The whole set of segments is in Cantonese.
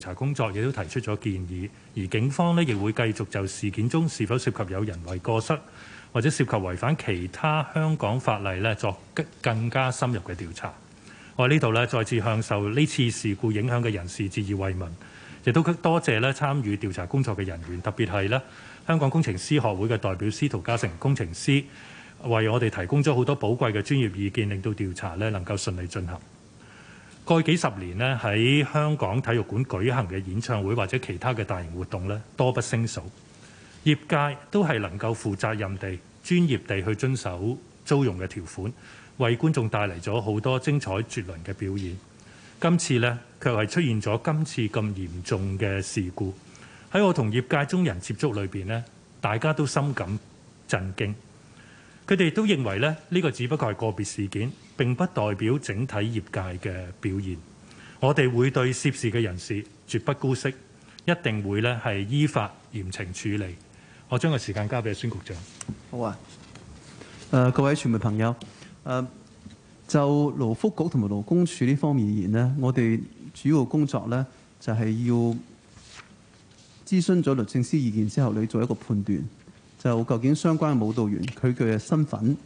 調查工作亦都提出咗建議，而警方咧亦會繼續就事件中是否涉及有人為過失或者涉及違反其他香港法例咧作更加深入嘅調查。我喺呢度咧再次向受呢次事故影響嘅人士致以慰問，亦都多謝咧參與調查工作嘅人員，特別係咧香港工程師學會嘅代表司徒嘉誠工程師，為我哋提供咗好多寶貴嘅專業意見，令到調查咧能夠順利進行。過去幾十年呢，喺香港體育館舉行嘅演唱會或者其他嘅大型活動呢，多不勝數。業界都係能夠負責任地、專業地去遵守租用嘅條款，為觀眾帶嚟咗好多精彩絕倫嘅表演。今次呢，卻係出現咗今次咁嚴重嘅事故。喺我同業界中人接觸裏邊呢，大家都深感震驚。佢哋都認為咧，呢個只不過係個別事件，並不代表整體業界嘅表現。我哋會對涉事嘅人士絕不姑息，一定會咧係依法嚴懲處理。我將個時間交俾孫局長。好啊。誒，各位傳媒朋友，誒，就勞福局同埋勞工處呢方面而言呢，我哋主要工作呢就係要諮詢咗律政司意見之後，你做一個判斷。就究竟相關嘅舞蹈員佢嘅身份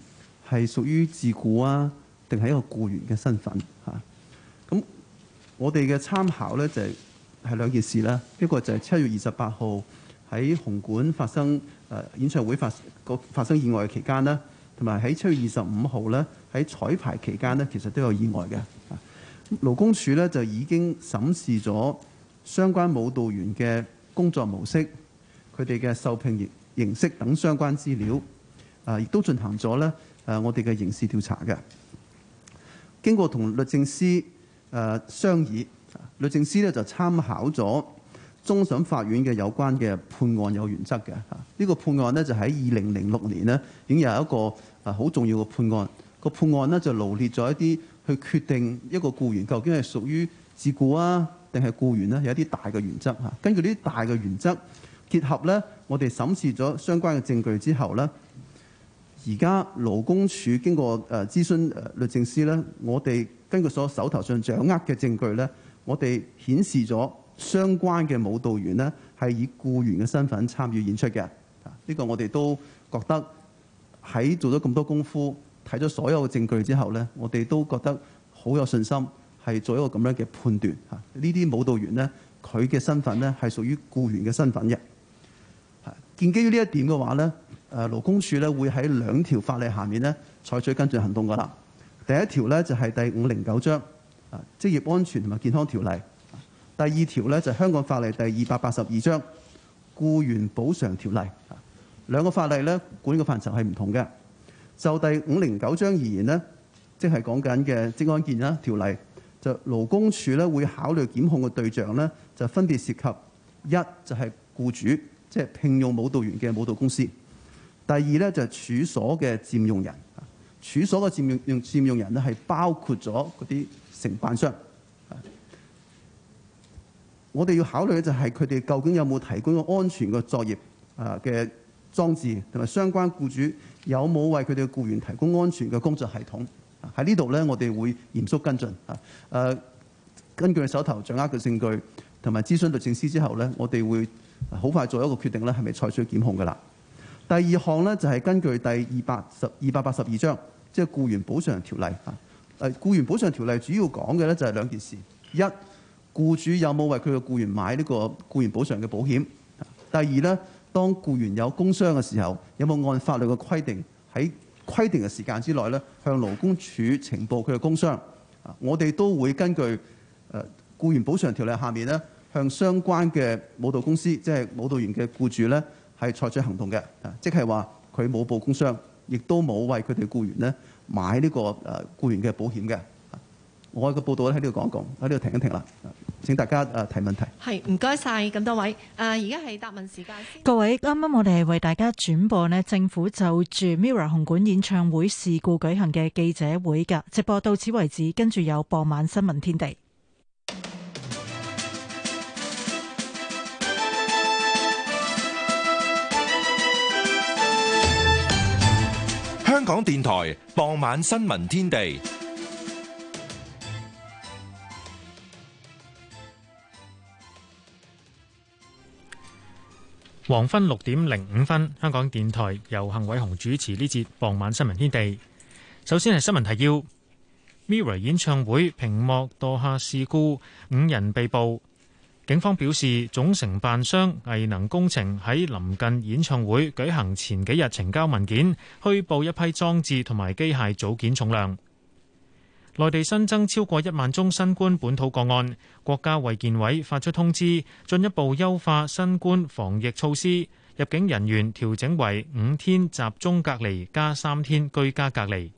係屬於自雇啊，定係一個僱員嘅身份嚇？咁、啊、我哋嘅參考咧就係、是、係兩件事啦。一個就係七月二十八號喺紅館發生誒、呃、演唱會發個發生意外嘅期間啦，同埋喺七月二十五號咧喺彩排期間呢，其實都有意外嘅、啊。勞工處咧就已經審視咗相關舞蹈員嘅工作模式，佢哋嘅受聘業。形式等相關資料，啊，亦都進行咗咧，誒，我哋嘅刑事調查嘅。經過同律政司誒、呃、商議，律政司咧就參考咗終審法院嘅有關嘅判案有原則嘅。嚇，呢個判案咧就喺二零零六年呢，已經有一個啊好重要嘅判案。這個判案呢就羅列咗一啲去決定一個僱員究竟係屬於自僱啊定係僱員咧有一啲大嘅原則嚇。根據呢啲大嘅原則。結合咧，我哋審視咗相關嘅證據之後咧，而家勞工處經過誒諮詢律政司咧，我哋根據所有手頭上掌握嘅證據咧，我哋顯示咗相關嘅舞蹈員咧係以僱員嘅身份參與演出嘅。呢個我哋都覺得喺做咗咁多功夫，睇咗所有嘅證據之後咧，我哋都覺得好有信心係做一個咁樣嘅判斷。嚇，呢啲舞蹈員咧，佢嘅身份咧係屬於僱員嘅身份嘅。建基於呢一點嘅話咧，誒勞工處咧會喺兩條法例下面咧採取跟進行動㗎啦。第一條咧就係第五零九章啊《職業安全同埋健康條例》。第二條咧就係香港法例第二百八十二章《僱員補償條例》。兩個法例咧管嘅範疇係唔同嘅。就第五零九章而言咧，即係講緊嘅職安健啦條例，就勞工處咧會考慮檢控嘅對象咧，就分別涉及一就係、是、僱主。即係聘用舞蹈員嘅舞蹈公司。第二咧就係、是、處所嘅佔用人。處、啊、所嘅佔用用佔用人咧係包括咗嗰啲承辦商。啊、我哋要考慮嘅就係佢哋究竟有冇提供個安全嘅作業啊嘅裝置，同埋相關僱主有冇為佢哋嘅僱員提供安全嘅工作系統。喺、啊、呢度咧，我哋會嚴肅跟進啊。誒，根據手頭掌握嘅證據同埋諮詢律政司之後咧，我哋會。好快做一個決定咧，係咪採取檢控嘅啦？第二項咧就係、是、根據第二百十二百八十二章，即係僱員補償條例啊。誒，僱員補償條例主要講嘅咧就係兩件事：一，僱主有冇為佢嘅僱員買呢個僱員補償嘅保險；第二咧，當僱員有工傷嘅時候，有冇按法律嘅規定喺規定嘅時間之內咧向勞工處呈報佢嘅工傷啊？我哋都會根據誒僱員補償條例下面咧，向相關嘅舞蹈公司，即係舞蹈員嘅僱主咧，係採取行動嘅，即係話佢冇報工傷，亦都冇為佢哋僱員咧買呢個誒僱員嘅保險嘅。我嘅報道喺呢度講一講，喺呢度停一停啦。請大家誒提問題。係，唔該晒咁多位。誒，而家係答問時間。各位，啱啱我哋係為大家轉播呢政府就住 MIRROR 紅館演唱會事故舉行嘅記者會㗎。直播到此為止，跟住有傍晚新聞天地。香港電台傍晚新聞天地，黃昏六點零五分，香港電台由幸偉雄主持呢節傍晚新聞天地。首先係新聞提要：Mirror 演唱會屏幕墮下事故，五人被捕。警方表示，總承辦商藝能工程喺臨近演唱會舉行前幾日呈交文件，虛報一批裝置同埋機械組件重量。內地新增超過一萬宗新冠本土個案，國家衛健委發出通知，進一步優化新冠防疫措施。入境人員調整為五天集中隔離加三天居家隔離。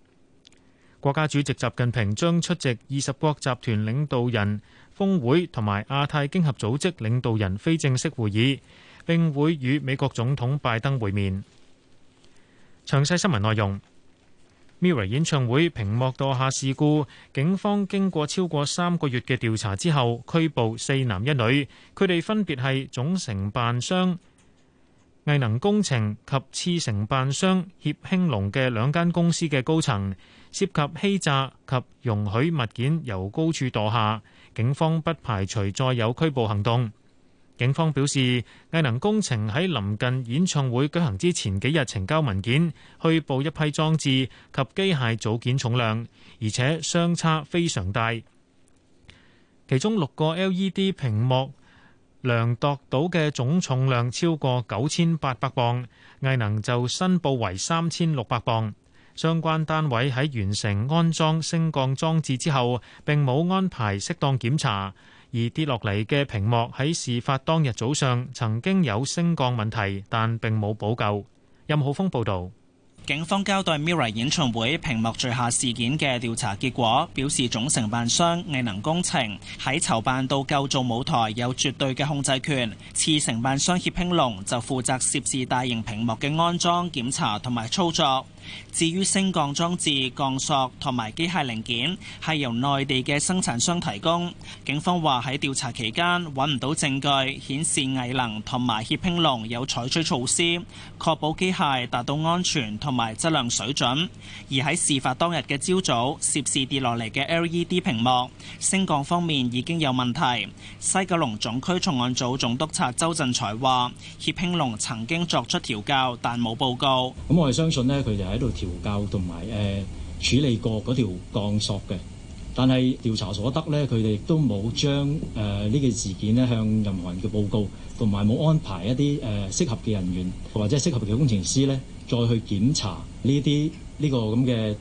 國家主席習近平將出席二十國集團領導人峰會同埋亞太經合組織領導人非正式會議，並會與美國總統拜登會面。詳細新聞內容：Mirror 演唱會屏幕墮下事故，警方經過超過三個月嘅調查之後，拘捕四男一女。佢哋分別係總承辦商、藝能工程及次承辦商協興隆嘅兩間公司嘅高層，涉及欺詐及容許物件由高處墮下。警方不排除再有拘捕行動，警方表示，藝能工程喺臨近演唱會舉行之前,前幾日呈交文件，虛報一批裝置及機械組件重量，而且相差非常大。其中六個 LED 屏幕量度到嘅總重量超過九千八百磅，藝能就申報為三千六百磅。相關單位喺完成安裝升降裝置之後，並冇安排適當檢查，而跌落嚟嘅屏幕喺事發當日早上曾經有升降問題，但並冇補救。任浩峰報道，警方交代 MIRROR 演唱會屏幕墜下事件嘅調查結果，表示總承辦商藝能工程喺籌辦到構造舞台有絕對嘅控制權，次承辦商協興隆就負責涉事大型屏幕嘅安裝、檢查同埋操作。至於升降裝置、鋼索同埋機械零件係由內地嘅生產商提供。警方話喺調查期間揾唔到證據顯示藝能同埋協興龍有採取措施確保機械達到安全同埋質量水準。而喺事發當日嘅朝早，涉事跌落嚟嘅 LED 屏幕升降方面已經有問題。西九龍總區重案組總督察周振才話：協興龍曾經作出調教，但冇報告。咁我哋相信呢，佢就喺喺度調校同埋誒處理過嗰條鋼索嘅，但係調查所得呢，佢哋亦都冇將誒呢件事件呢，向任何人嘅報告，同埋冇安排一啲誒適合嘅人員或者係適合嘅工程師呢，再去檢查呢啲呢個咁嘅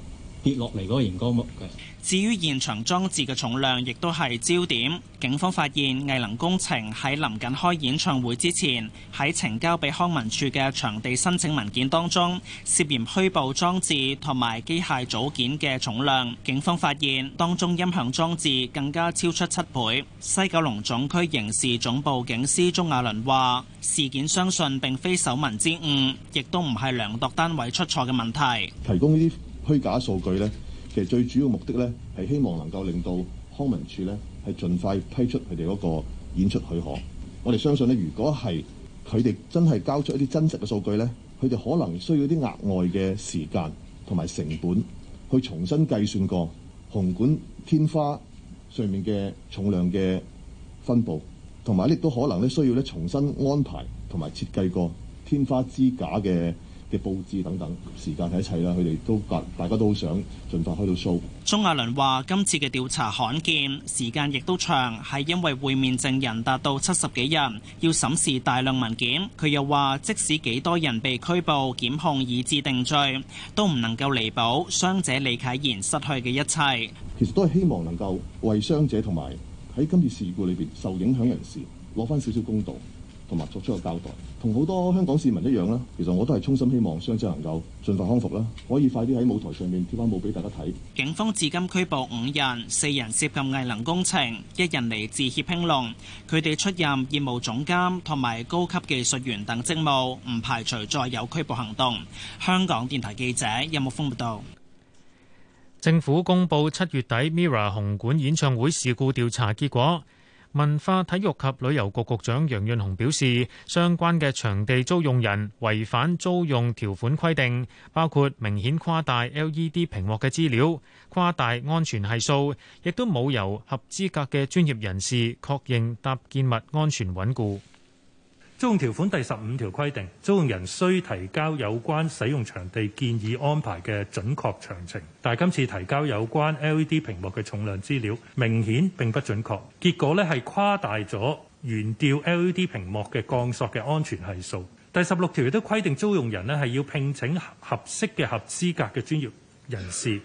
跌落嚟嗰個螢光幕嘅。至於現場裝置嘅重量，亦都係焦點。警方發現藝能工程喺臨近開演唱會之前，喺呈交俾康文署嘅場地申請文件當中，涉嫌虛報裝置同埋機械組件嘅重量。警方發現當中音響裝置更加超出七倍。西九龍總區刑事總部警司鍾亞倫話：事件相信並非手民之誤，亦都唔係量度單位出錯嘅問題。提供呢啲虛假數據呢，其實最主要目的呢，係希望能夠令到康文署呢，係盡快批出佢哋嗰個演出許可。我哋相信呢，如果係佢哋真係交出一啲真實嘅數據呢，佢哋可能需要啲額外嘅時間同埋成本，去重新計算過紅館天花上面嘅重量嘅分佈，同埋亦都可能呢，需要呢，重新安排同埋設計過天花支架嘅嘅佈置等等，時間係一切啦。佢哋都大，大家都好想盡快開到訴。鍾亞倫話：今次嘅調查罕見，時間亦都長，係因為會面證人達到七十幾人，要審視大量文件。佢又話：即使幾多人被拘捕、檢控以至定罪，都唔能夠彌補傷者李啟言失去嘅一切。其實都係希望能夠為傷者同埋喺今次事故裏邊受影響人士攞翻少少公道。同埋作出個交代，同好多香港市民一樣啦。其實我都係衷心希望傷者能夠盡快康復啦，可以快啲喺舞台上面跳翻舞俾大家睇。警方至今拘捕五人，四人涉及藝能工程，一人嚟自協興隆。佢哋出任業務總監同埋高級技術員等職務，唔排除再有拘捕行動，香港電台記者任木峰報道。政府公布七月底 MIRROR 紅館演唱會事故調查結果。文化體育及旅遊局局長楊潤雄表示，相關嘅場地租用人違反租用條款規定，包括明顯誇大 LED 屏幕嘅資料、誇大安全係數，亦都冇由合資格嘅專業人士確認搭建物安全穩固。租用條款第十五條規定，租用人需提交有關使用場地建議安排嘅準確詳情。但係今次提交有關 LED 屏幕嘅重量資料，明顯並不準確。結果咧係誇大咗懸吊 LED 屏幕嘅降索嘅安全係數。第十六條亦都規定，租用人咧係要聘請合適嘅合資格嘅專業人士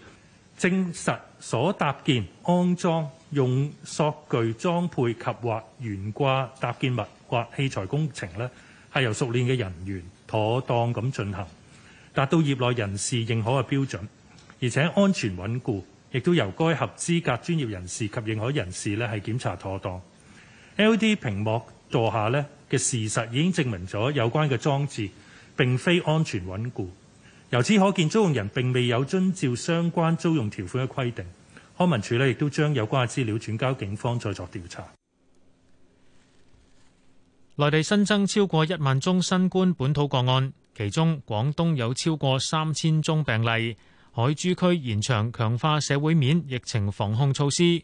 證實所搭建安裝。用索具裝配及或懸掛搭建物或器材工程咧，係由熟練嘅人員妥當咁進行，達到業內人士認可嘅標準，而且安全穩固，亦都由該合資格專業人士及認可人士咧係檢查妥當，LED 屏幕座下咧嘅事實已經證明咗有關嘅裝置並非安全穩固，由此可見租用人並未有遵照相關租用條款嘅規定。康文署咧亦都將有關嘅資料轉交警方再作調查。內地新增超過一萬宗新冠本土個案，其中廣東有超過三千宗病例。海珠區延長強化社會面疫情防控措施。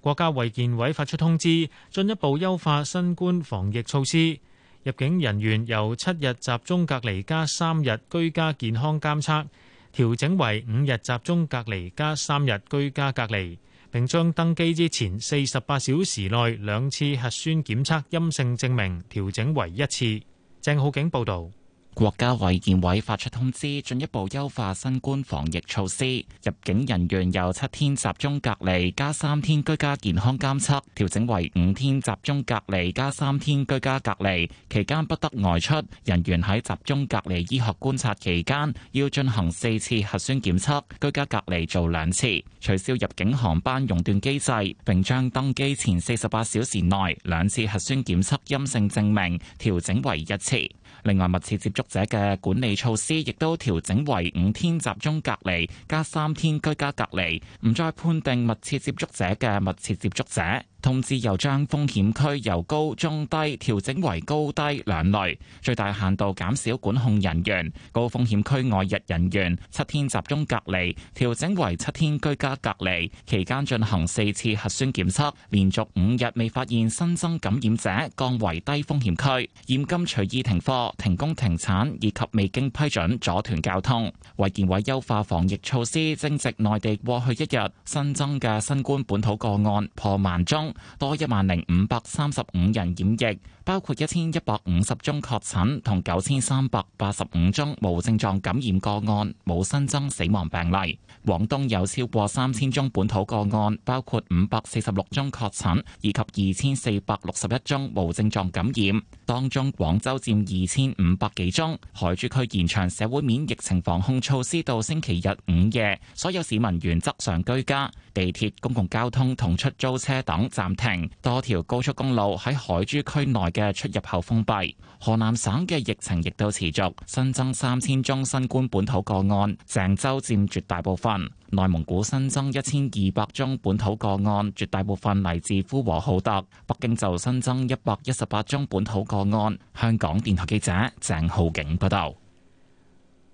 國家衛健委發出通知，進一步優化新冠防疫措施。入境人員由七日集中隔離加三日居家健康監測，調整為五日集中隔離加三日居家隔離，並將登機之前四十八小時內兩次核酸檢測陰性證明調整為一次。鄭浩景報導。國家衛健委發出通知，進一步優化新冠防疫措施。入境人員由七天集中隔離加三天居家健康監測，調整為五天集中隔離加三天居家隔離，期間不得外出。人員喺集中隔離醫學觀察期間，要進行四次核酸檢測，居家隔離做兩次。取消入境航班熔斷機制，並將登機前四十八小時內兩次核酸檢測陰性證明調整為一次。另外，密切接觸者嘅管理措施亦都調整為五天集中隔離加三天居家隔離，唔再判定密切接觸者嘅密切接觸者。通知又將風險區由高中低調整為高低兩類，最大限度減少管控人員。高風險區外日人員，七天集中隔離調整為七天居家隔離，期間進行四次核酸檢測，連續五日未發現新增感染者，降為低風險區。嚴禁隨意停課、停工、停產以及未經批准阻斷交通。衛健委優化防疫措施，正值內地過去一日新增嘅新冠本土個案破萬宗。多一萬零五百三十五人染疫，包括一千一百五十宗確診同九千三百八十五宗無症狀感染個案，冇新增死亡病例。廣東有超過三千宗本土個案，包括五百四十六宗確診以及二千四百六十一宗無症狀感染。當中廣州佔二千五百幾宗。海珠區延長社會面疫情防控措施到星期日午夜，所有市民原則上居家，地鐵、公共交通同出租車等暫停，多條高速公路喺海珠區內嘅出入口封閉。河南省嘅疫情亦都持續，新增三千宗新冠本土個案，鄭州佔絕大部分。內蒙古新增一千二百宗本土個案，絕大部分嚟自呼和浩特。北京就新增一百一十八宗本土個案。香港電台記者鄭浩景報道。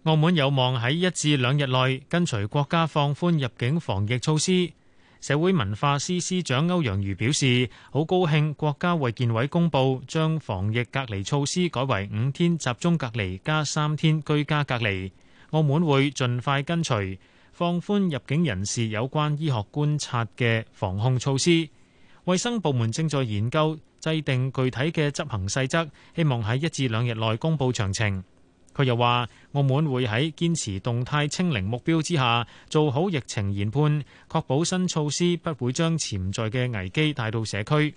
澳門有望喺一至兩日內跟隨國家放寬入境防疫措施。社會文化司司長歐陽瑜表示，好高興國家衛健委公布將防疫隔離措施改為五天集中隔離加三天居家隔離，澳門會盡快跟隨。放寬入境人士有關醫學觀察嘅防控措施，衛生部門正在研究制定具體嘅執行細則，希望喺一至兩日內公布詳情。佢又話澳門會喺堅持動態清零目標之下，做好疫情研判，確保新措施不會將潛在嘅危機帶到社區。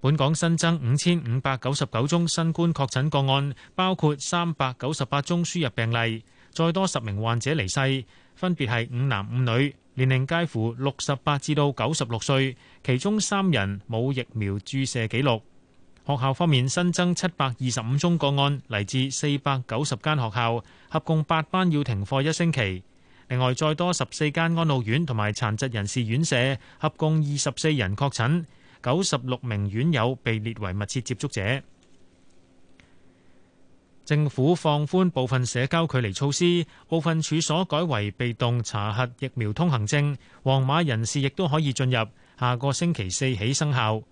本港新增五千五百九十九宗新冠確診個案，包括三百九十八宗輸入病例。再多十名患者離世，分別係五男五女，年齡介乎六十八至到九十六歲，其中三人冇疫苗注射記錄。學校方面，新增七百二十五宗個案，嚟自四百九十間學校，合共八班要停課一星期。另外，再多十四間安老院同埋殘疾人士院舍，合共二十四人確診，九十六名院友被列為密切接觸者。政府放寬部分社交距離措施，部分處所改為被動查核疫苗通行證，黃碼人士亦都可以進入。下個星期四起生效。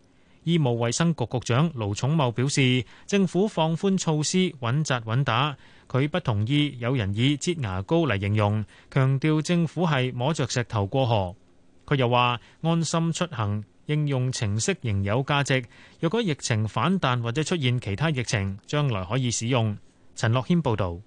醫務衛生局局長盧寵茂表示，政府放寬措施穩紮穩打，佢不同意有人以擠牙膏嚟形容，強調政府係摸着石頭過河。佢又話安心出行應用程式仍有價值，若果疫情反彈或者出現其他疫情，將來可以使用。陳樂謙報道，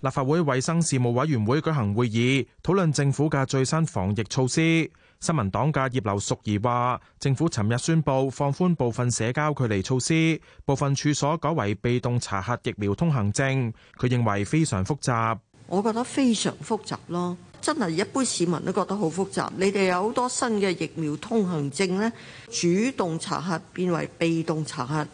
立法會衛生事務委員會舉行會議，討論政府嘅最新防疫措施。新民黨嘅葉劉淑儀話，政府尋日宣布放寬部分社交距離措施，部分處所改為被動查核疫苗通行證。佢認為非常複雜，我覺得非常複雜咯，真係一般市民都覺得好複雜。你哋有好多新嘅疫苗通行證呢，主動查核變為被動查核。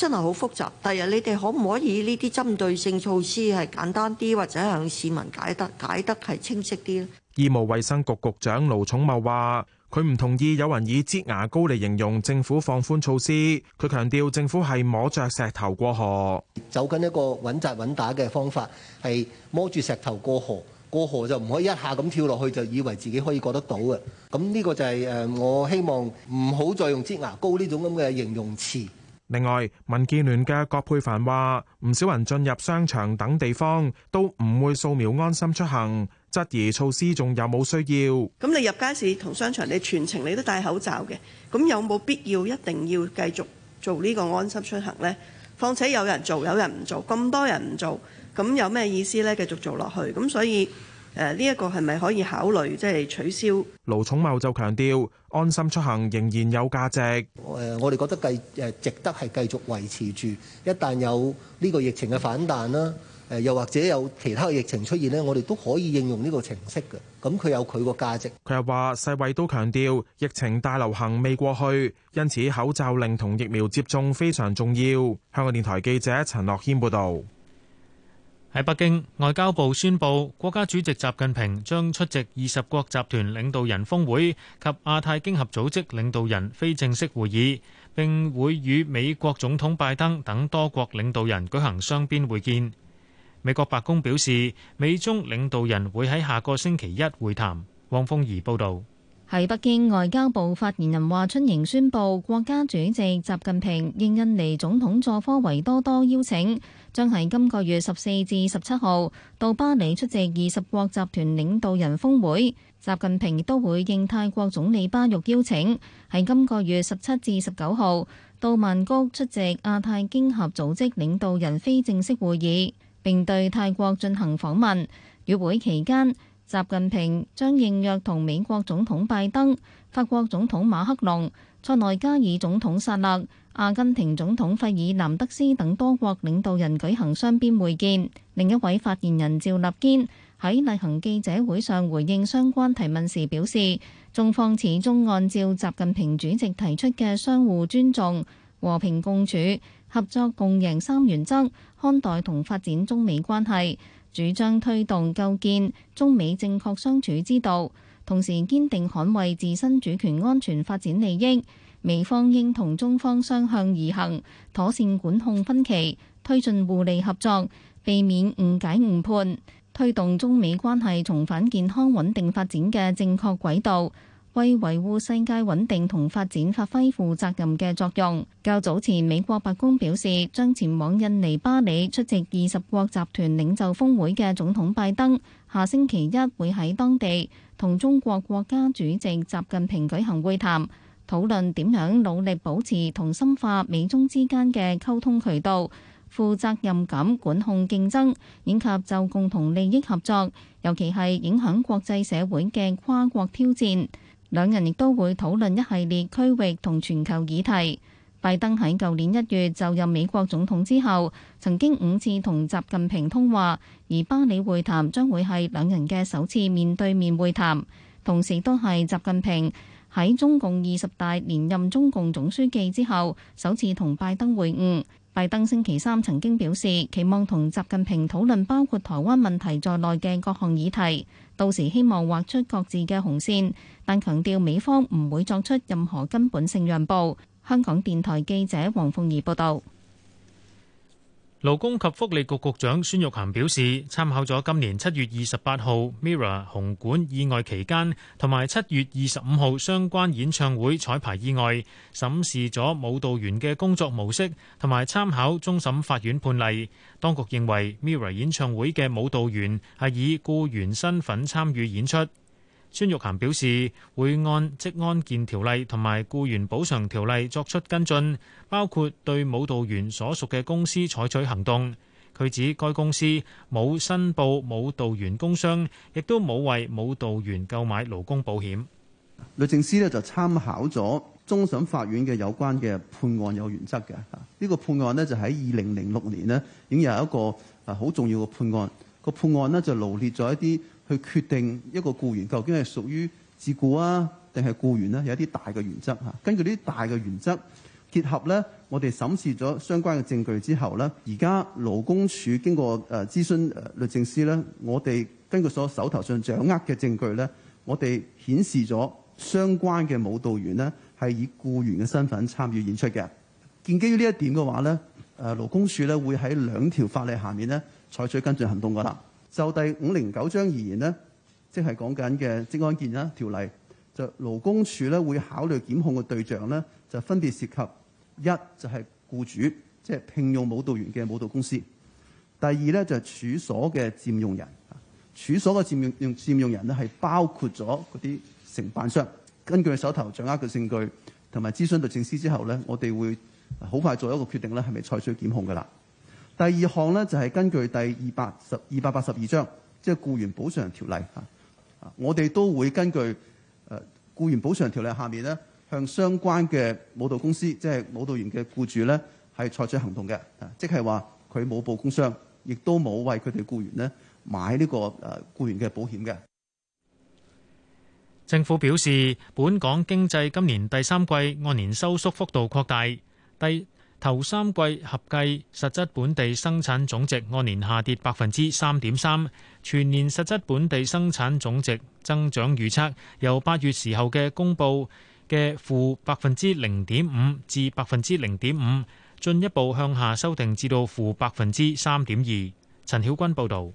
真係好複雜。第日你哋可唔可以呢啲針對性措施係簡單啲，或者向市民解得解得係清晰啲咧？醫務衛生局局長盧寵茂話：佢唔同意有人以擠牙膏嚟形容政府放寬措施。佢強調政府係摸著石頭過河，走緊一個穩紮穩打嘅方法，係摸住石頭過河。過河就唔可以一下咁跳落去，就以為自己可以過得到嘅。咁呢個就係誒，我希望唔好再用擠牙膏呢種咁嘅形容詞。另外，民建聯嘅葛珮帆話：唔少人進入商場等地方都唔會掃描安心出行，質疑措施仲有冇需要？咁你入街市同商場，你全程你都戴口罩嘅，咁有冇必要一定要繼續做呢個安心出行呢？況且有人做，有人唔做，咁多人唔做，咁有咩意思呢？繼續做落去，咁所以。誒呢一個係咪可以考慮即係取消？盧寵茂就強調安心出行仍然有價值。誒，我哋覺得繼誒值得係繼續維持住。一旦有呢個疫情嘅反彈啦，誒又或者有其他嘅疫情出現呢，我哋都可以應用呢個程式嘅。咁佢有佢個價值。佢又話世衞都強調疫情大流行未過去，因此口罩令同疫苗接種非常重要。香港電台記者陳樂軒報導。喺北京，外交部宣布，國家主席習近平將出席二十國集團領導人峰會及亞太經合組織領導人非正式會議，並會與美國總統拜登等多國領導人舉行雙邊會見。美國白宮表示，美中領導人會喺下個星期一會談。汪峰儀報道。喺北京，外交部發言人華春瑩宣布，國家主席習近平應印尼總統佐科維多多邀請，將喺今個月十四至十七號到巴黎出席二十國集團領導人峰會，習近平都會應泰國總理巴育邀請，喺今個月十七至十九號到曼谷出席亞太經合組織領導人非正式會議，並對泰國進行訪問與會期間。習近平將應約同美國總統拜登、法國總統馬克龍、塞內加爾總統薩勒、阿根廷總統費爾南德斯等多國領導人舉行雙邊會見。另一位發言人趙立堅喺例行記者會上回應相關提問時表示，中方始終按照習近平主席提出嘅相互尊重、和平共處、合作共贏三原則看待同發展中美關係。主張推動構建中美正確相處之道，同時堅定捍衞自身主權安全發展利益。美方應同中方雙向而行，妥善管控分歧，推進互利合作，避免誤解誤判，推動中美關係重返健康穩定發展嘅正確軌道。為維護世界穩定同發展發揮負責任嘅作用。較早前，美國白宮表示，將前往印尼巴里出席二十國集團領袖峰會嘅總統拜登，下星期一會喺當地同中國國家主席習近平舉行會談，討論點樣努力保持同深化美中之間嘅溝通渠道，負責任咁管控競爭，以及就共同利益合作，尤其係影響國際社會嘅跨國挑戰。兩人亦都會討論一系列區域同全球議題。拜登喺舊年一月就任美國總統之後，曾經五次同習近平通話，而巴里會談將會係兩人嘅首次面對面會談，同時都係習近平喺中共二十大連任中共總書記之後首次同拜登會晤。拜登星期三曾經表示，期望同習近平討論包括台灣問題在內嘅各項議題，到時希望畫出各自嘅紅線。但強調美方唔會作出任何根本性讓步。香港電台記者黃鳳儀報導，勞工及福利局局，局長孫玉菡表示，參考咗今年七月二十八號 MIRROR 紅館意外期間，同埋七月二十五號相關演唱會彩排意外，審視咗舞蹈員嘅工作模式，同埋參考終審法院判例，當局認為 MIRROR 演唱會嘅舞蹈員係以僱員身份參與演出。孫玉菡表示會按職安健條例同埋僱員補償條例作出跟進，包括對舞蹈員所屬嘅公司採取行動。佢指該公司冇申報舞蹈員工傷，亦都冇為舞蹈員購買勞工保險。律政司咧就參考咗終審法院嘅有關嘅判案有原則嘅，呢、呢個判案咧就喺二零零六年咧已經有一個啊好重要嘅判案。個判案咧就羅列咗一啲去決定一個僱員究竟係屬於自僱啊定係僱員呢，有一啲大嘅原則嚇。根據呢啲大嘅原則結合咧，我哋審視咗相關嘅證據之後咧，而家勞工處經過誒諮詢律政司咧，我哋根據所手頭上掌握嘅證據咧，我哋顯示咗相關嘅舞蹈員咧係以僱員嘅身份參與演出嘅。建基於呢一點嘅話咧，誒勞工處咧會喺兩條法例下面咧，採取跟進行動㗎啦！就第五零九章而言呢，即係講緊嘅職安健啊條例，就勞工處咧會考慮檢控嘅對象呢，就分別涉及一就係、是、僱主，即、就、係、是、聘用舞蹈員嘅舞蹈公司；第二咧就係、是、處所嘅佔用人，處所嘅佔用用佔用人咧係包括咗嗰啲承辦商。根據手頭掌握嘅證據同埋諮詢律政司之後咧，我哋會好快做一個決定咧，係咪採取檢控㗎啦。第二項呢，就係根據第二百十二百八十二章，即係僱員補償條例吓，我哋都會根據誒僱員補償條例下面呢，向相關嘅舞蹈公司，即係舞蹈員嘅僱主呢，係採取行動嘅，即係話佢冇報工傷，亦都冇為佢哋僱員咧買呢個誒僱員嘅保險嘅。政府表示，本港經濟今年第三季按年收縮幅度擴大，第。頭三季合計實質本地生產總值按年下跌百分之三點三，全年實質本地生產總值增長預測由八月時候嘅公布嘅負百分之零點五至百分之零點五，進一步向下修訂至到負百分之三點二。陳曉君報道，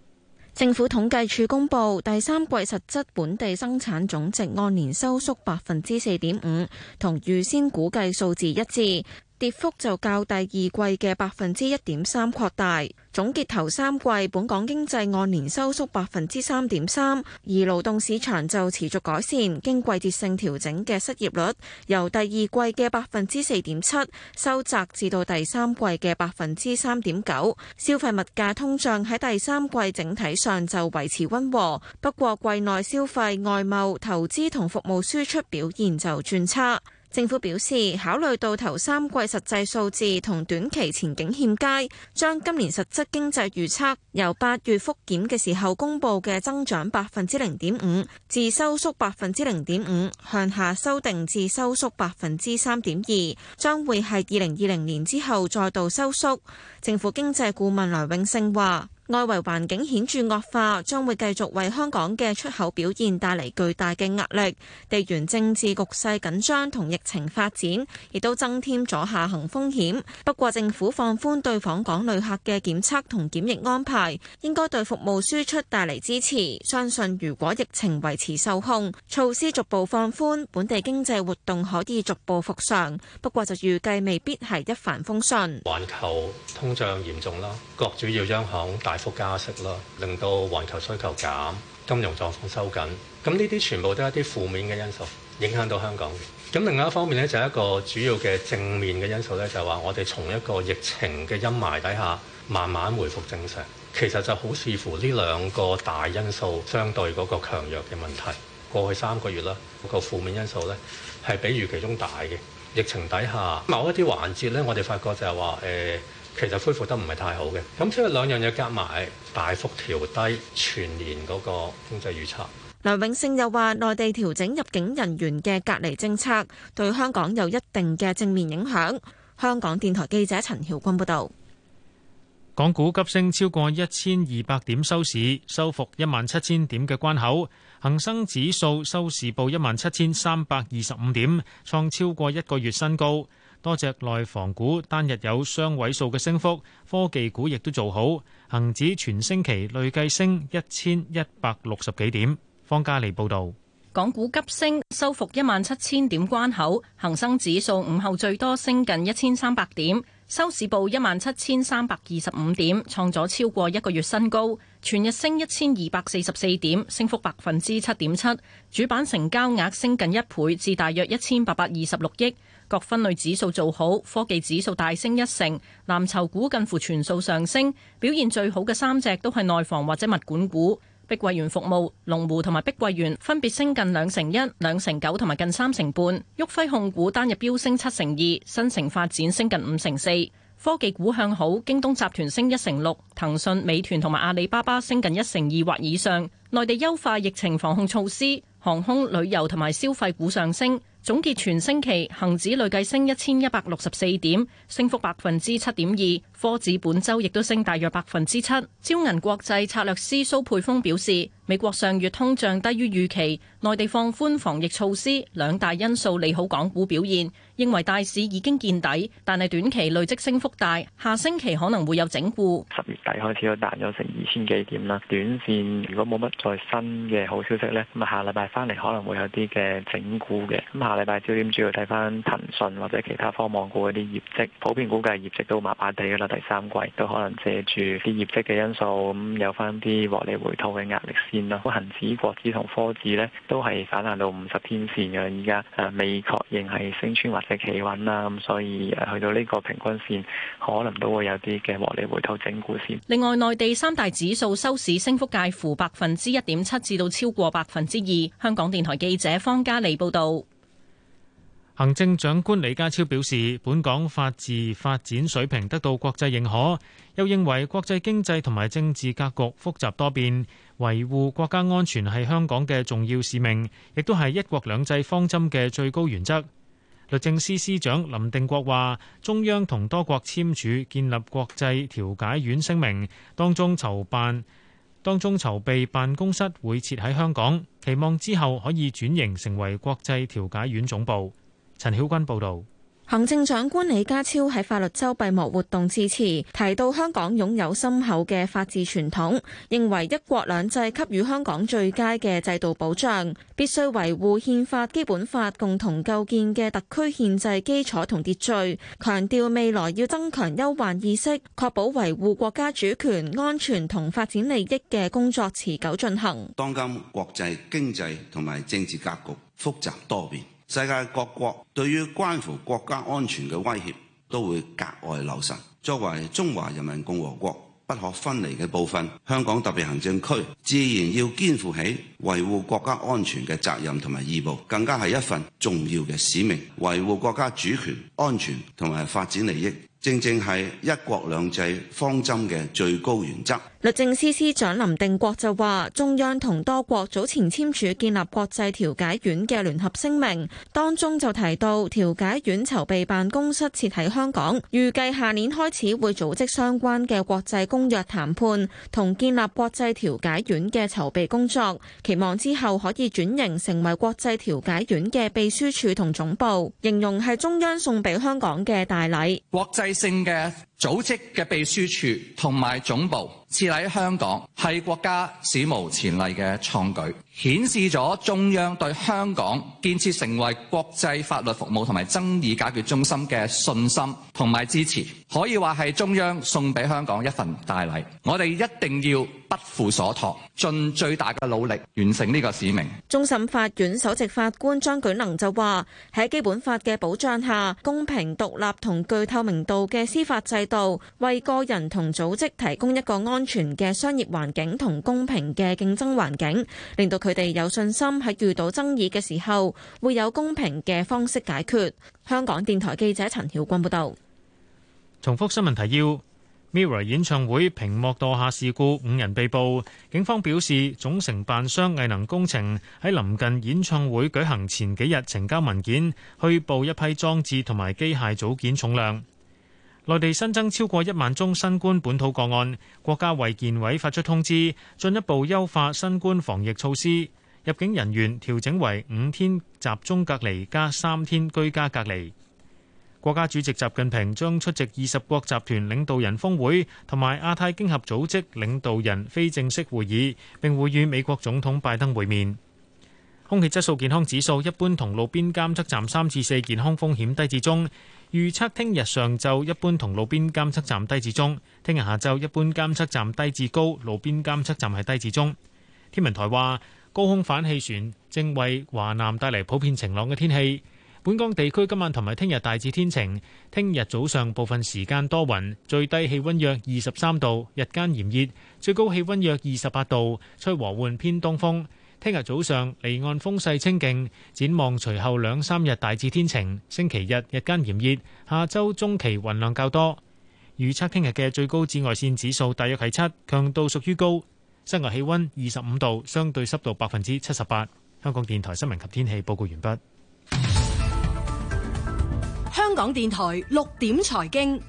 政府統計處公布第三季實質本地生產總值按年收縮百分之四點五，同預先估計數字一致。跌幅就較第二季嘅百分之一點三擴大。總結頭三季，本港經濟按年收縮百分之三點三，而勞動市場就持續改善。經季節性調整嘅失業率由第二季嘅百分之四點七收窄至到第三季嘅百分之三點九。消費物價通脹喺第三季整體上就維持溫和，不過季內消費、外貿、投資同服務輸出表現就轉差。政府表示，考慮到頭三季實際數字同短期前景欠佳，將今年實質經濟預測由八月複檢嘅時候公佈嘅增長百分之零點五，至收縮百分之零點五向下修訂至收縮百分之三點二，將會係二零二零年之後再度收縮，政府經濟顧問萊永勝話。外圍環境顯著惡化，將會繼續為香港嘅出口表現帶嚟巨大嘅壓力。地緣政治局勢緊張同疫情發展，亦都增添咗下行風險。不過，政府放寬對訪港旅客嘅檢測同檢疫安排，應該對服務輸出帶嚟支持。相信如果疫情維持受控，措施逐步放寬，本地經濟活動可以逐步復常。不過，就預計未必係一帆風順。環球通脹嚴重啦，各主要央行大幅加息啦，令到環球需求減，金融狀況收緊，咁呢啲全部都係一啲負面嘅因素，影響到香港。咁另外一方面咧，就係、是、一個主要嘅正面嘅因素咧，就係、是、話我哋從一個疫情嘅陰霾底下慢慢回復正常。其實就好視乎呢兩個大因素相對嗰個強弱嘅問題。過去三個月啦，嗰個負面因素咧係比預期中大嘅疫情底下，某一啲環節咧，我哋發覺就係話誒。呃其實恢復得唔係太好嘅，咁所以兩樣嘢夾埋大幅調低全年嗰個經濟預測。梁永勝又話：內地調整入境人員嘅隔離政策，對香港有一定嘅正面影響。香港電台記者陳曉君報導。港股急升超過一千二百點收市，收復一萬七千點嘅關口。恒生指數收市報一萬七千三百二十五點，創超過一個月新高。多隻內房股單日有雙位數嘅升幅，科技股亦都做好。恒指全星期累計升一千一百六十幾點。方嘉利報導。港股急升，收復一萬七千點關口，恒生指數午後最多升近一千三百點，收市報一萬七千三百二十五點，創咗超過一個月新高，全日升一千二百四十四點，升幅百分之七點七，主板成交額升近一倍至大約一千八百二十六億。各分類指數做好，科技指數大升一成，藍籌股近乎全數上升。表現最好嘅三隻都係內房或者物管股，碧桂園服務、龍湖同埋碧桂園分別升近兩成一、兩成九同埋近三成半。旭輝控股單日飆升七成二，新城發展升近五成四。科技股向好，京東集團升一成六，騰訊、美團同埋阿里巴巴升近一成二或以上。內地優化疫情防控措施，航空、旅遊同埋消費股上升。總結全星期，恒指累計升一千一百六十四點，升幅百分之七點二。科指本周亦都升大約百分之七。招銀國際策略師蘇佩峰表示。美國上月通脹低於預期，內地放寬防疫措施，兩大因素利好港股表現。認為大市已經見底，但係短期累積升幅大，下星期可能會有整固。十月底開始都彈咗成二千幾點啦。短綫如果冇乜再新嘅好消息呢？咁啊下禮拜翻嚟可能會有啲嘅整固嘅。咁下禮拜焦點主要睇翻騰訊或者其他科網股嗰啲業績，普遍估計業績都麻麻地嘅啦。第三季都可能借住啲業績嘅因素，咁有翻啲獲利回吐嘅壓力。恆指、國指同科指咧，都係反彈到五十天線嘅，而家誒未確認係升穿或者企穩啦，咁所以誒去到呢個平均線，可能都會有啲嘅獲利回吐整固線。另外，內地三大指數收市升幅介乎百分之一點七至到超過百分之二。香港電台記者方嘉莉報道。行政長官李家超表示，本港法治發展水平得到國際認可，又認為國際經濟同埋政治格局複雜多變，維護國家安全係香港嘅重要使命，亦都係一國兩制方針嘅最高原則。律政司司長林定國話，中央同多國簽署建立國際調解院聲明，當中籌辦，當中籌備辦公室會設喺香港，期望之後可以轉型成為國際調解院總部。陳曉君報道，行政長官李家超喺法律周閉幕活動致辭，提到香港擁有深厚嘅法治傳統，認為一國兩制給予香港最佳嘅制度保障，必須維護憲法、基本法共同構建嘅特區憲制基礎同秩序，強調未來要增強憂患意識，確保維護國家主權、安全同發展利益嘅工作持久進行。當今國際經濟同埋政治格局複雜多變。世界各國對於關乎國家安全嘅威脅，都會格外留神。作為中華人民共和國不可分離嘅部分，香港特別行政區自然要肩負起維護國家安全嘅責任同埋義務，更加係一份重要嘅使命。維護國家主權、安全同埋發展利益，正正係一國兩制方針嘅最高原則。律政司司長林定國就話，中央同多國早前簽署建立國際調解院嘅聯合聲明，當中就提到調解院籌備辦公室設喺香港，預計下年開始會組織相關嘅國際公約談判，同建立國際調解院嘅籌備工作，期望之後可以轉型成為國際調解院嘅秘書處同總部，形容係中央送俾香港嘅大禮。國際性嘅組織嘅秘書處同埋總部。設立喺香港，係國家史無前例嘅創舉，顯示咗中央對香港建設成為國際法律服務同埋爭議解決中心嘅信心同埋支持。可以話係中央送俾香港一份大禮，我哋一定要不負所託，盡最大嘅努力完成呢個使命。終審法院首席法官張舉能就話：喺基本法嘅保障下，公平獨立同具透明度嘅司法制度，為個人同組織提供一個安全嘅商業環境同公平嘅競爭環境，令到佢哋有信心喺遇到爭議嘅時候會有公平嘅方式解決。香港電台記者陳曉君報道。重複新聞提要：Mirror 演唱會屏幕墮下事故，五人被捕。警方表示，總承辦商藝能工程喺臨近演唱會舉行前幾日，呈交文件虛報一批裝置同埋機械組件重量。內地新增超過一萬宗新冠本土個案，國家衛健委發出通知，進一步優化新冠防疫措施。入境人員調整為五天集中隔離加三天居家隔離。國家主席習近平將出席二十國集團領導人峰會同埋亞太經合組織領導人非正式會議，並會與美國總統拜登會面。空氣質素健康指數一般同路邊監測站三至四，健康風險低至中。預測聽日上晝一般同路邊監測站低至中，聽日下晝一般監測站低至高，路邊監測站係低至中。天文台話，高空反氣旋正為華南帶嚟普遍晴朗嘅天氣。本港地區今晚同埋聽日大致天晴，聽日早上部分時間多雲，最低氣温約二十三度，日間炎熱，最高氣温約二十八度，吹和緩偏東風。聽日早上離岸風勢清勁，展望隨後兩三日大致天晴，星期日日間炎熱，下周中期雲量較多。預測聽日嘅最高紫外線指數大約係七，強度屬於高。室外氣温二十五度，相對濕度百分之七十八。香港電台新聞及天氣報告完畢。香港電台六點財經，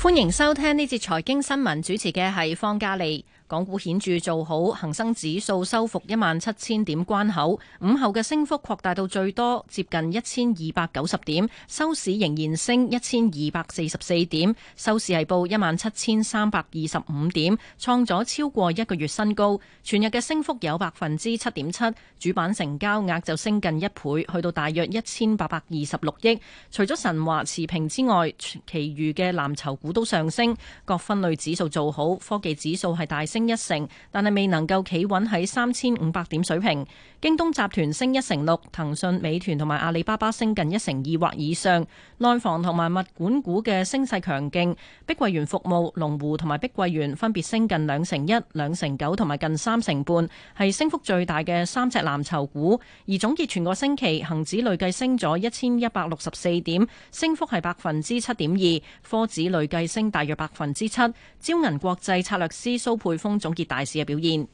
歡迎收聽呢節財經新聞，主持嘅係方嘉利。港股顯著做好，恒生指數收復一萬七千點關口。午後嘅升幅擴大到最多接近一千二百九十點，收市仍然升一千二百四十四點，收市係報一萬七千三百二十五點，創咗超過一個月新高。全日嘅升幅有百分之七點七，主板成交額就升近一倍，去到大約一千八百二十六億。除咗神華持平之外，其餘嘅藍籌股都上升，各分類指數做好，科技指數係大。升一成，但係未能夠企穩喺三千五百點水平。京東集團升一成六，騰訊、美團同埋阿里巴巴升近一成二或以上。內房同埋物管股嘅升勢強勁，碧桂園服務、龍湖同埋碧桂園分別升近兩成一、兩成九同埋近三成半，係升幅最大嘅三隻藍籌股。而總結全個星期，恒指累計升咗一千一百六十四點，升幅係百分之七點二；科指累計升大約百分之七。招銀國際策略師蘇佩。總結大市嘅表現，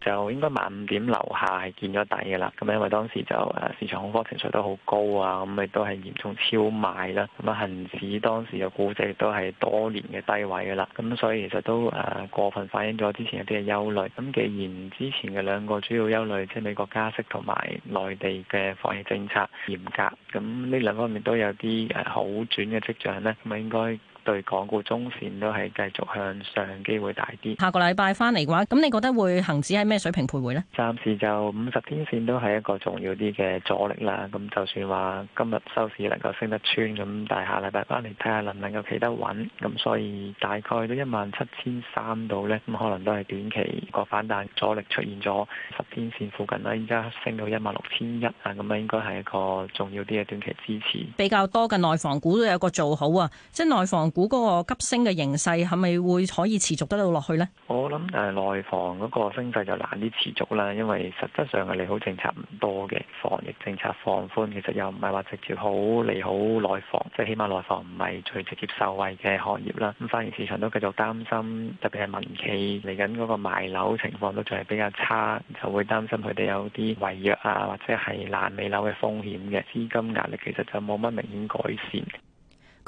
就應該晚五點樓下係見咗底嘅啦。咁因為當時就誒市場恐慌情緒都好高啊，咁亦都係嚴重超賣啦。咁啊，恒指當時嘅估值亦都係多年嘅低位噶啦。咁所以其實都誒過分反映咗之前一啲嘅憂慮。咁既然之前嘅兩個主要憂慮，即係美國加息同埋內地嘅防疫政策嚴格，咁呢兩方面都有啲誒好轉嘅跡象咧，咁啊應該。對港股中線都係繼續向上機會大啲。下個禮拜翻嚟嘅話，咁你覺得會恆指喺咩水平徘徊呢？暫時就五十天線都係一個重要啲嘅阻力啦。咁就算話今日收市能夠升得穿，咁但係下禮拜翻嚟睇下能唔能夠企得穩。咁所以大概都一萬七千三度呢。咁可能都係短期個反彈阻力出現咗十天線附近啦。而家升到一萬六千一啊，咁啊應該係一個重要啲嘅短期支持。比較多嘅內房股都有個做好啊，即係內房。股嗰個急升嘅形勢係咪會可以持續得到落去呢？我諗誒內房嗰個升勢就難啲持續啦，因為實質上嘅利好政策唔多嘅，防疫政策放寬其實又唔係話直接好利好內房，即係起碼內房唔係最直接受惠嘅行業啦。咁反而市場都繼續擔心，特別係民企嚟緊嗰個賣樓情況都仲係比較差，就會擔心佢哋有啲違約啊或者係爛尾樓嘅風險嘅資金壓力，其實就冇乜明顯改善。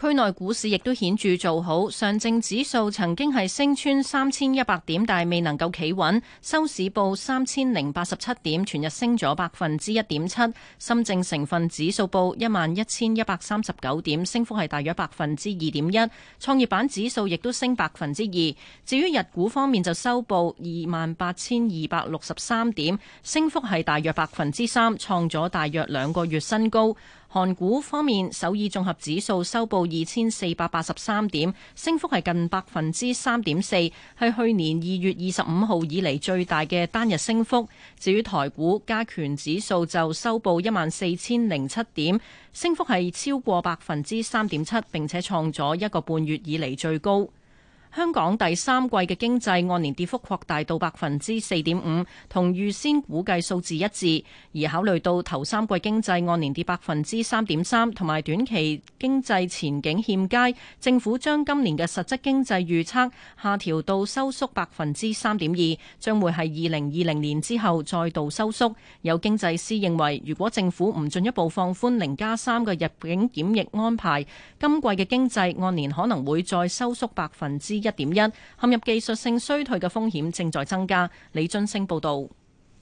區內股市亦都顯著做好，上證指數曾經係升穿三千一百點，但係未能夠企穩，收市報三千零八十七點，全日升咗百分之一點七。深證成分指數報一萬一千一百三十九點，升幅係大約百分之二點一。創業板指數亦都升百分之二。至於日股方面，就收報二萬八千二百六十三點，升幅係大約百分之三，創咗大約兩個月新高。韓股方面，首爾綜合指數收報二千四百八十三點，升幅係近百分之三點四，係去年二月二十五號以嚟最大嘅單日升幅。至於台股，加權指數就收報一萬四千零七點，升幅係超過百分之三點七，並且創咗一個半月以嚟最高。香港第三季嘅經濟按年跌幅擴大到百分之四點五，同預先估計數字一致。而考慮到頭三季經濟按年跌百分之三點三，同埋短期經濟前景欠佳，政府將今年嘅實質經濟預測下調到收縮百分之三點二，將會係二零二零年之後再度收縮。有經濟師認為，如果政府唔進一步放寬零加三嘅入境檢疫安排，今季嘅經濟按年可能會再收縮百分之一一點一，1. 1，陷入技術性衰退嘅風險正在增加。李津升報道，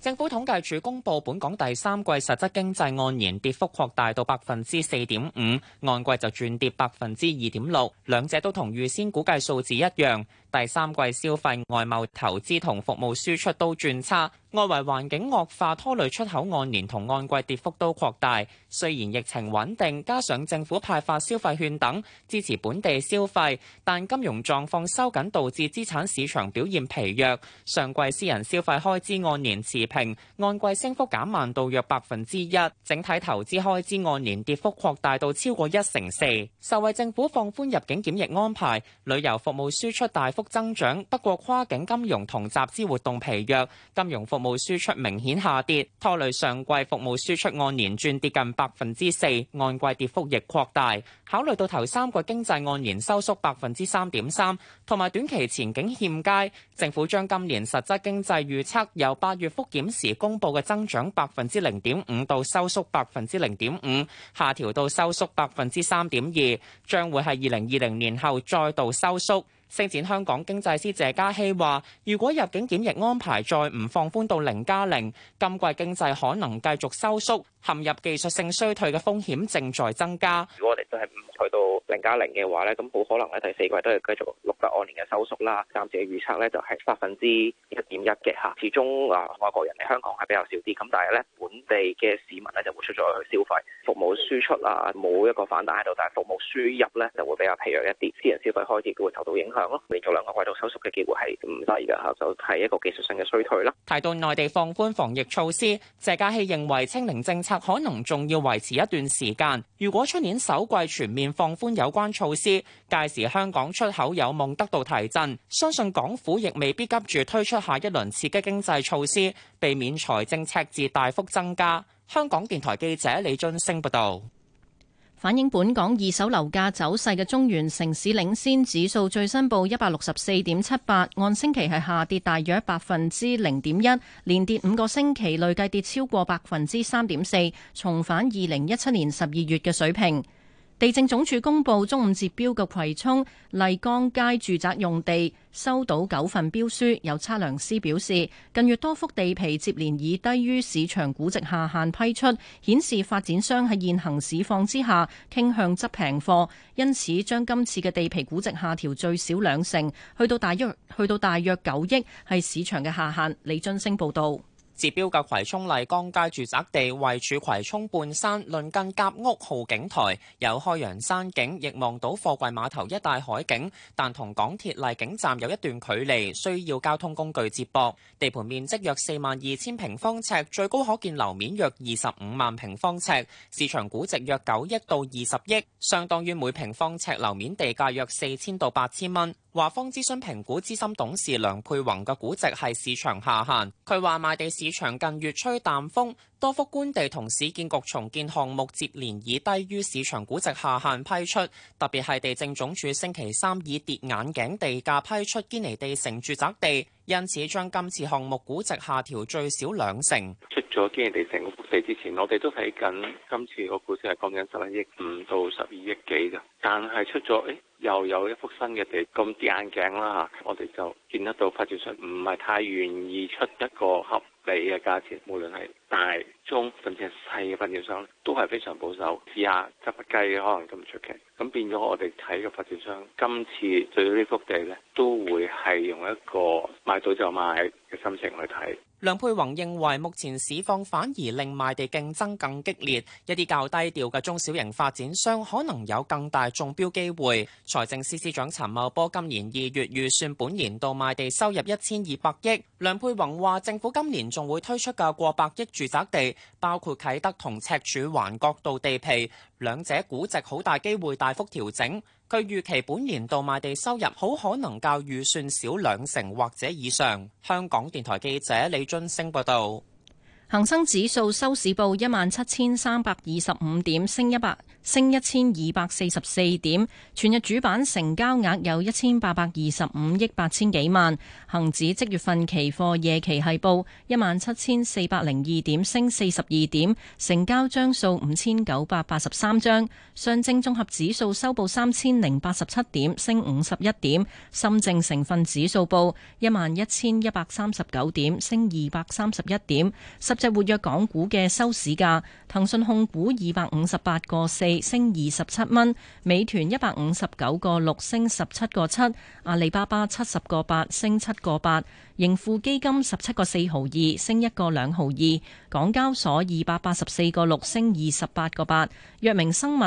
政府統計處公布本港第三季實質經濟按年跌幅擴大到百分之四點五，按季就轉跌百分之二點六，兩者都同預先估計數字一樣。第三季消費、外貿、投資同服務輸出都轉差，外圍環境惡化拖累出口按年同按季跌幅都擴大。雖然疫情穩定，加上政府派發消費券等支持本地消費，但金融狀況收緊導致資產市場表現疲弱。上季私人消費開支按年持平，按季升幅減慢到約百分之一。整體投資開支按年跌幅擴大到超過一成四。受惠政府放寬入境檢疫安排，旅遊服務輸出大幅增長。不過，跨境金融同集資活動疲弱，金融服務輸出明顯下跌，拖累上季服務輸出按年轉跌近百分之四，按季跌幅亦擴大。考慮到頭三個月經濟按年收縮百分之三點三，同埋短期前景欠佳，政府將今年實質經濟預測由八月複檢時公布嘅增長百分之零點五到收縮百分之零點五，下調到收縮百分之三點二，將會喺二零二零年後再度收縮。星展香港經濟師謝家希話，如果入境檢疫安排再唔放寬到零加零，0，今季經濟可能繼續收縮。陷入技術性衰退嘅風險正在增加。如果我哋都係唔去到零加零嘅話咧，咁好可能咧第四季都係繼續錄得按年嘅收縮啦。暫時嘅預測咧就係百分之一點一嘅嚇。始終啊外國人嚟香港係比較少啲，咁但係咧本地嘅市民咧就會出咗去消費，服務輸出啊冇一個反彈喺度，但係服務輸入咧就會比較疲弱一啲。私人消費開支都會受到影響咯。連續兩個季度收縮嘅機會係唔低嘅嚇，就係一個技術性嘅衰退啦。提到內地放寬防疫措施，謝嘉希認為清零政策。可能仲要維持一段時間。如果出年首季全面放寬有關措施，屆時香港出口有望得到提振。相信港府亦未必急住推出下一輪刺激經濟措施，避免財政赤字大幅增加。香港電台記者李津升報道。反映本港二手樓價走勢嘅中原城市領先指數最新報一百六十四點七八，按星期係下跌大約百分之零點一，連跌五個星期，累計跌超過百分之三點四，重返二零一七年十二月嘅水平。地政總署公布中午接標嘅葵涌麗江街住宅用地，收到九份標書。有測量師表示，近月多幅地皮接連以低於市場估值下限批出，顯示發展商喺現行市況之下傾向執平貨，因此將今次嘅地皮估值下調最少兩成，去到大約去到大約九億，係市場嘅下限。李晉星報道。指標嘅葵涌荔江街住宅地位處葵涌半山，鄰近甲屋豪景台，有開揚山景，亦望到貨櫃碼頭一帶海景，但同港鐵荔景站有一段距離，需要交通工具接駁。地盤面積約四萬二千平方尺，最高可見樓面約二十五萬平方尺，市場估值約九億到二十億，相當於每平方尺樓面地價約四千到八千蚊。華方諮詢評估資深董事梁佩宏嘅估值係市場下限。佢話賣地市場近月吹淡風。多幅官地同市建局重建項目接連以低於市場估值下限批出，特別係地政總署星期三以跌眼鏡地價批出堅尼地城住宅地，因此將今次項目估值下調最少兩成。出咗堅尼地城個幅地之前，我哋都睇緊今次個股市係講緊十一億五到十二億幾噶，但係出咗，誒，又有一幅新嘅地咁跌眼鏡啦吓，我哋就見得到發展商唔係太願意出一個合。你嘅價錢，無論係大、中甚至係細嘅發展商，都係非常保守。試下，執不計可能咁唔出奇，咁變咗我哋睇嘅發展商，今次對呢幅地咧，都會係用一個買到就買嘅心情去睇。梁佩宏認為，目前市況反而令賣地競爭更激烈，一啲較低調嘅中小型發展商可能有更大中標機會。財政司司長陳茂波今年二月預算，本年度賣地收入一千二百億。梁佩宏話，政府今年仲會推出嘅過百億住宅地，包括啟德同赤柱環角道地皮，兩者估值好大機會大幅調整。佢預期本年度賣地收入好可能較預算少兩成或者以上。香港電台記者李津升報導，恒生指數收市報一萬七千三百二十五點升，升一百。升一千二百四十四點，全日主板成交額有一千八百二十五億八千幾萬。恒指即月份期貨夜期係報一萬七千四百零二點，升四十二點，成交張數五千九百八十三張。上證綜合指數收報三千零八十七點，升五十一點。深證成分指數報一萬一千一百三十九點，升二百三十一點。十隻活躍港股嘅收市價，騰訊控股二百五十八個四。升二十七蚊，美團一百五十九個六，升十七個七，阿里巴巴七十個八，升七個八，盈富基金十七個四毫二，升一個兩毫二，港交所二百八十四個六，升二十八個八，藥明生物。